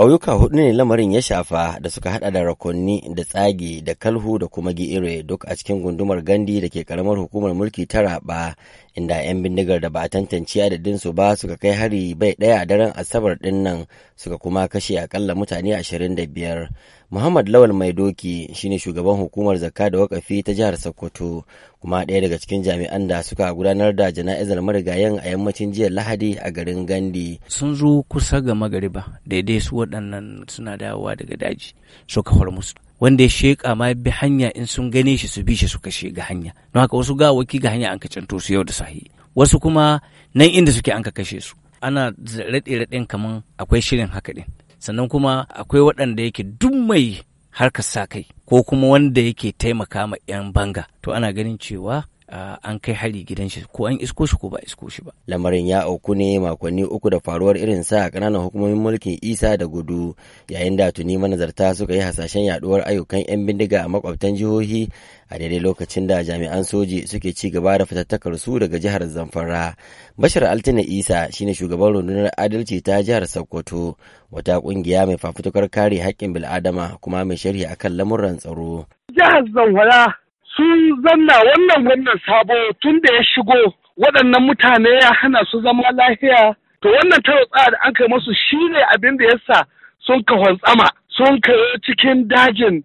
Ƙauyuka hudu ne lamarin ya shafa da suka hada da rakonni da tsagi da kalhu da kuma gi'ire duk a cikin gundumar gandi da ke karamar hukumar mulki ta raba inda 'yan bindigar da ba a tantance adadinsu ba suka kai hari bai ɗaya a daren asabar ɗin nan suka kuma kashe akalla mutane 25 muhammad lawal mai doki shine shugaban hukumar zakka da wakafi ta jihar sokoto kuma ɗaya daga cikin jami'an da suka gudanar da jana'izar marigayen a yammacin jiya lahadi a garin gandi sun zo kusa ga magariba daidai su waɗannan suna dawowa daga daji suka musu wanda ya sheƙa ma bi hanya in sun gane shi su bi shi suka ga hanya don haka wasu gawaki ga hanya an ka canto su yau da sahi wasu kuma nan inda suke an ka kashe su ana raɗe raɗen kaman akwai shirin haka ɗin sannan kuma akwai waɗanda yake duk mai harkar sa kai ko kuma wanda yake taimaka ma 'yan banga to ana ganin cewa an kai hari gidan shi ko an isko shi ko ba isko shi ba. Lamarin ya auku ne makonni uku da faruwar irin sa kananan hukumomin mulkin Isa da Gudu yayin da tuni manazarta suka yi hasashen yaduwar ayyukan 'yan bindiga a makwabtan jihohi a daidai lokacin da jami'an soji suke ci gaba da fitattakar su daga jihar Zamfara. Bashar Altina Isa shine shugaban rundunar adalci ta jihar Sokoto wata kungiya mai fafutukar kare haƙƙin bil'adama kuma mai sharhi akan lamuran tsaro. Jihar Zamfara sun zanna wannan wannan sabo tun da ya shigo waɗannan mutane ya hana su zama lahiya to wannan tarotsa da an kai masu shine abin da yasa sun ka tsama sun ka cikin dajin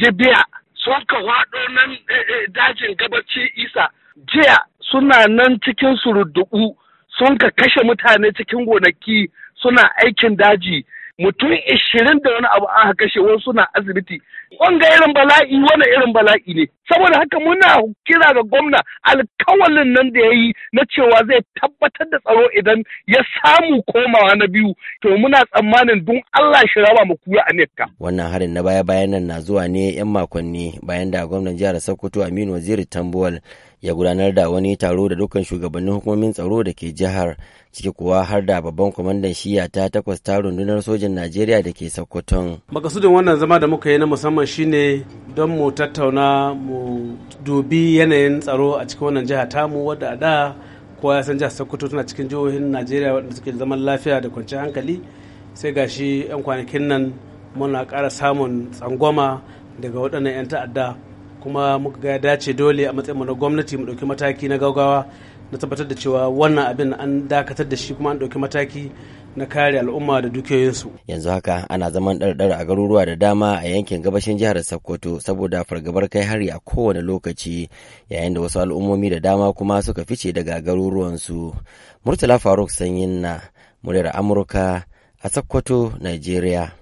jibiya sun ka waɗo nan eh, eh, dajin gabaci isa jiya suna nan cikin surudubu sun ka kashe mutane cikin gonaki suna aikin daji mutum ishirin da wani abu aka kashe wasu suna asibiti wanga irin bala'i wani irin bala'i ne saboda haka muna kira ga gwamna alkawalin nan da ya yi na cewa zai tabbatar da tsaro idan ya samu komawa na biyu to muna tsammanin don Allah shi raba mu kuya a nekka wannan harin na baya bayan nan na zuwa ne yan makonni bayan da gwamnan jihar Sokoto Aminu Waziri Tambuwal ya gudanar da wani taro da dukkan shugabannin hukumomin tsaro da ke jihar ciki kuwa har da babban kwamandan shiya ta takwas ta rundunar sojin najeriya da ke sokoton makasudin wannan zama da muka yi na musamman shine don mu tattauna mu dubi yanayin tsaro a cikin wannan jiha tamu wadda a da kowa ya san jihar sokoto tana cikin jihohin najeriya wadda suke zaman lafiya da kwanciyar hankali sai gashi yan kwanakin nan muna kara samun tsangwama daga waɗannan 'yan ta'adda kuma muka ga ya dace dole a matsayin mu na gwamnati mu ɗauki mataki na gaugawa na tabbatar da cewa wannan abin an dakatar da shi kuma an ɗauki mataki na kare al'umma da dukiyoyinsu. Yanzu haka ana zaman ɗarɗar a garuruwa da dama a yankin gabashin jihar Sokoto saboda fargabar kai hari a kowane lokaci yayin da wasu al'ummomi da dama kuma suka fice daga garuruwansu. Murtala Faruk Sanyin na muryar Amurka a Sokoto, Nigeria.